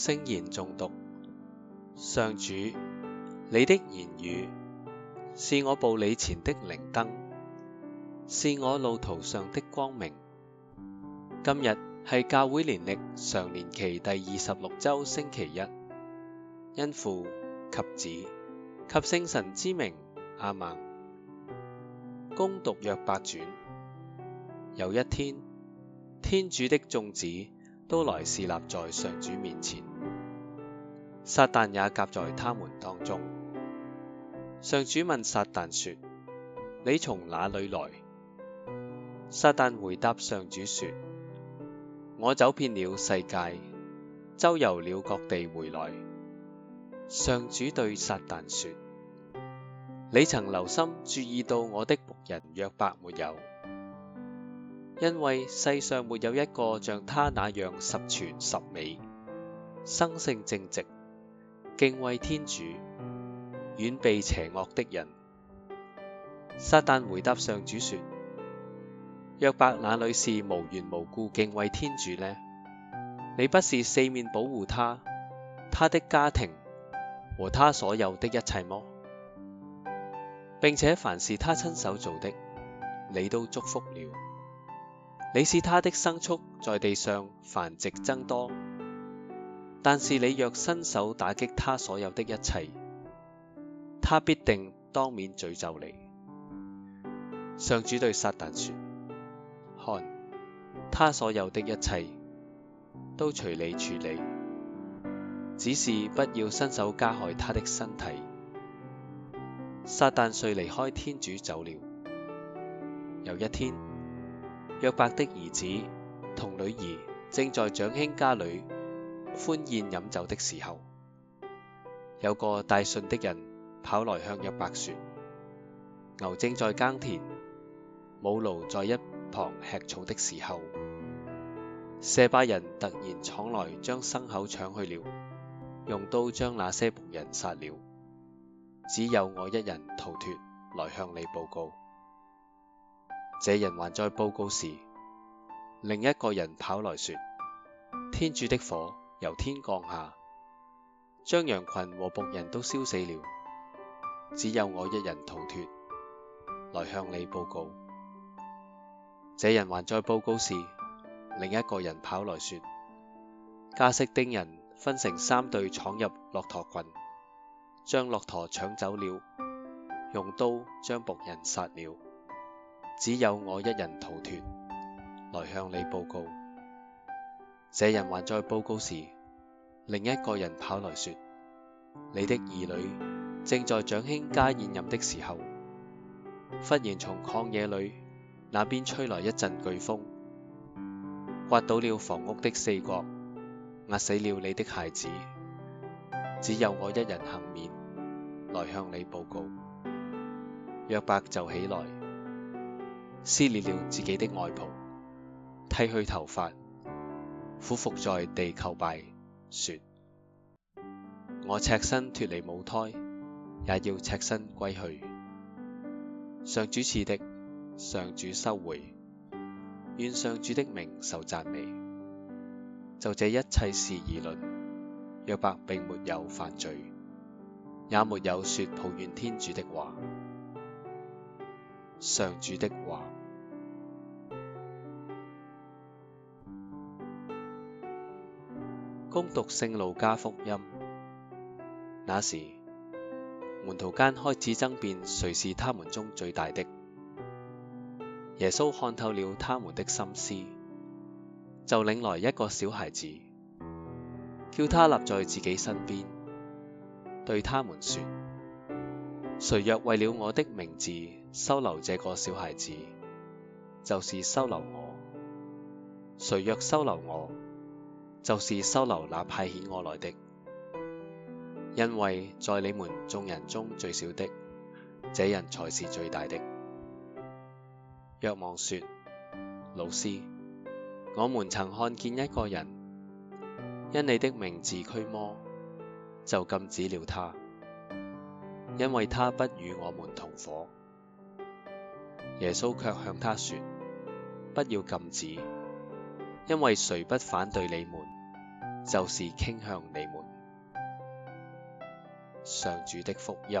聖言誦讀。上主，你的言語是我步履前的靈燈，是我路途上的光明。今日係教會年曆常年期第二十六周星期一，因父及子及聖神之名，阿門。恭讀約伯傳，有一天，天主的眾子。都來侍立在上主面前，撒殫也夾在他們當中。上主問撒殫說：你從哪裏來？撒殫回答上主說：我走遍了世界，周遊了各地回來。上主對撒殫說：你曾留心注意到我的僕人約伯沒有？因為世上沒有一個像他那樣十全十美、生性正直、敬畏天主、遠避邪惡的人。撒殫回答上主說：約伯哪裏是無緣無故敬畏天主呢？你不是四面保護他、他的家庭和他所有的一切麼？並且凡是他親手做的，你都祝福了。你使他的牲畜，在地上繁殖增多。但是你若伸手打擊他所有的一切，他必定當面詛咒你。上主對撒殫說：看，他所有的一切都隨你處理，只是不要伸手加害他的身體。撒殫遂離開天主走了。有一天。約伯的兒子同女兒正在長兄家裏歡宴飲酒的時候，有個帶信的人跑來向約伯說：牛正在耕田，母驢在一旁吃草的時候，舍巴人突然闖來，將牲口搶去了，用刀將那些僕人殺了，只有我一人逃脫，來向你報告。這人還在報告時，另一個人跑來說：天主的火由天降下，將羊群和僕人都燒死了，只有我一人逃脱，來向你報告。這人還在報告時，另一個人跑來說：加色丁人分成三隊闖入駱駝群，將駱駝搶走了，用刀將僕人殺了。只有我一人逃脫，來向你報告。這人還在報告時，另一個人跑來說：你的兒女正在長兄家宴飲的時候，忽然從曠野裏那邊吹來一陣颶風，颳倒了房屋的四角，壓死了你的孩子。只有我一人幸免，來向你報告。約伯就起來。撕裂了自己的外袍，剃去頭髮，俯伏在地叩拜，說：我赤身脫離母胎，也要赤身歸去。上主賜的，上主收回，願上主的名受讚美。就這一切事而論，約伯並沒有犯罪，也沒有說抱怨天主的話。上主的話。恭讀聖路加福音，那時門徒間開始爭辯誰是他們中最大的。耶穌看透了他們的心思，就領來一個小孩子，叫他立在自己身邊，對他們說：誰若為了我的名字。收留這個小孩子，就是收留我。誰若收留我，就是收留那派遣我來的。因為在你們眾人中最小的，這人才是最大的。若望說：老師，我們曾看見一個人，因你的名字驅魔，就禁止了他，因為他不與我們同夥。耶穌卻向他說：不要禁止，因為誰不反對你們，就是傾向你們。上主的福音。